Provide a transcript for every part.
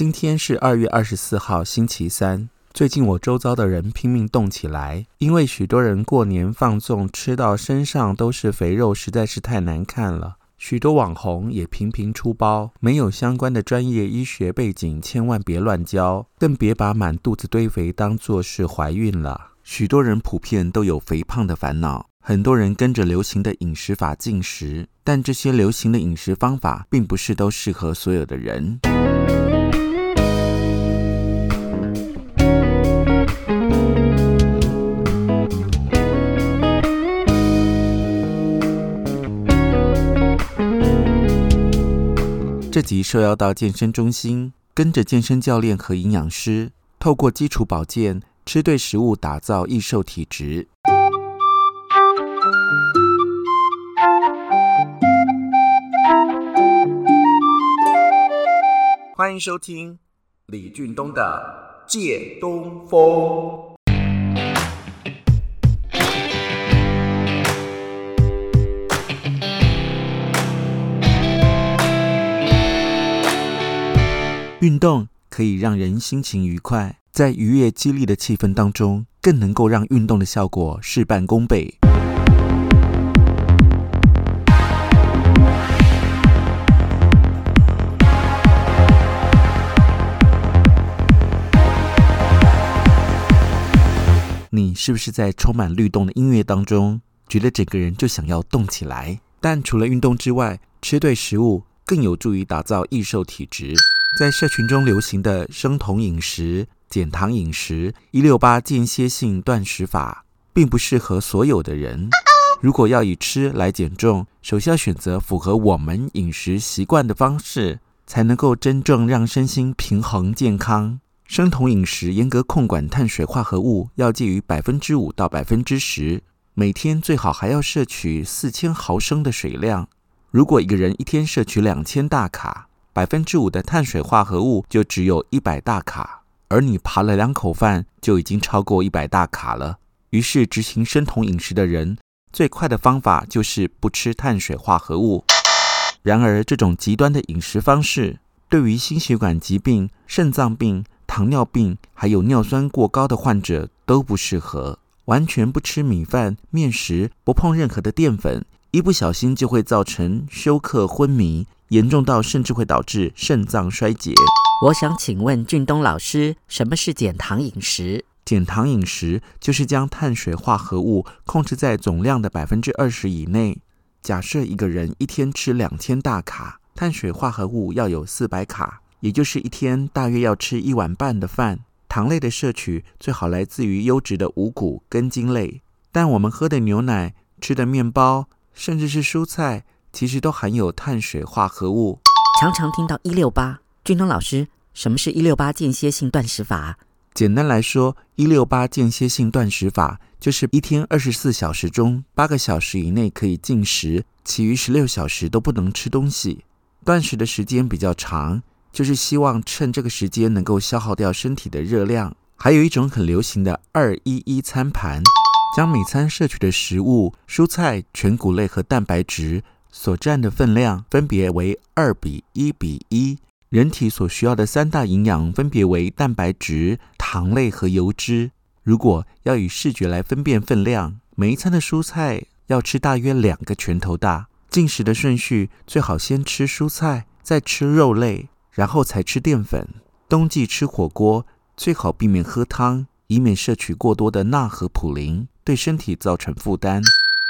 今天是二月二十四號，星期三。最近我周遭的人拼命動起來，因為許多人過年放縱，吃到身上都是肥肉，實在是太難看了。許多網紅也頻頻出包，沒有相關的專業醫學背景，千萬別亂教，更別把滿肚子堆肥當做是懷孕了。許多人普遍都有肥胖的煩惱，很多人跟着流行的飲食法進食，但這些流行的飲食方法並不是都適合所有的人。即受邀到健身中心，跟着健身教練和營養師，透過基礎保健、吃對食物，打造易瘦體質。歡迎收聽李俊東的《借東風》。運動可以讓人心情愉快，在愉悅、激勵的氣氛當中，更能夠讓運動的效果事半功倍。你是不是在充滿律動的音樂當中，覺得整個人就想要動起來？但除了運動之外，吃對食物更有助於打造易瘦體質。在社群中流行的生酮飲食、減糖飲食、一六八間歇性斷食法，並不適合所有的人。如果要以吃來減重，首先要選擇符合我們飲食習慣的方式，才能夠真正讓身心平衡健康。生酮飲食嚴格控管碳水化合物，要介於百分之五到百分之十，每天最好還要攝取四千毫升的水量。如果一個人一天攝取兩千大卡，百分之五的碳水化合物就只有一百大卡，而你扒了兩口飯就已經超過一百大卡了。於是，執行生酮飲食的人最快的方法就是不吃碳水化合物。然而，這種極端的飲食方式對於心血管疾病、腎臟病、糖尿病，還有尿酸過高的患者都不適合。完全不吃米飯、麵食，不碰任何的澱粉，一不小心就會造成休克、昏迷。嚴重到甚至會導致腎臟衰竭。我想請問俊東老師，什麼是減糖飲食？減糖飲食就是將碳水化合物控制在總量的百分之二十以內。假設一個人一天吃兩千大卡，碳水化合物要有四百卡，也就是一天大約要吃一碗半的飯。糖類的攝取最好來自於優質的五穀、根莖類，但我們喝的牛奶、吃的麵包，甚至是蔬菜。其實都含有碳水化合物。常常聽到一六八，俊東老師，什麼是“一六八間歇性斷食法”？簡單來說，“一六八間歇性斷食法”就是一天二十四小時中，八個小時以內可以進食，其餘十六小時都不能吃東西。斷食的時間比較長，就是希望趁這個時間能夠消耗掉身體的熱量。還有一種很流行的“二一一餐盤”，將每餐攝取的食物、蔬菜、全穀類和蛋白質，所佔的分量分別為二比一比一。人體所需要的三大營養分別為蛋白質、糖類和油脂。如果要以視覺來分辨分量，每一餐的蔬菜要吃大約兩個拳頭大。進食的順序最好先吃蔬菜，再吃肉類，然後才吃澱粉。冬季吃火鍋最好避免喝湯，以免攝取過多的鈉和普林，對身體造成負擔。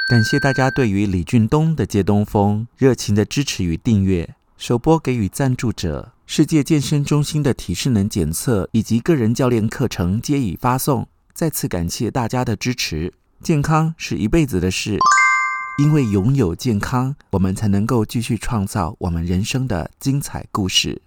感謝大家對於李俊東的借東風熱情的支持與訂閱。首播給予贊助者世界健身中心的體適能檢測以及個人教練課程皆已發送。再次感謝大家的支持。健康是一輩子的事，因為擁有健康，我們才能夠繼續創造我們人生的精彩故事。